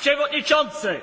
przewodniczący!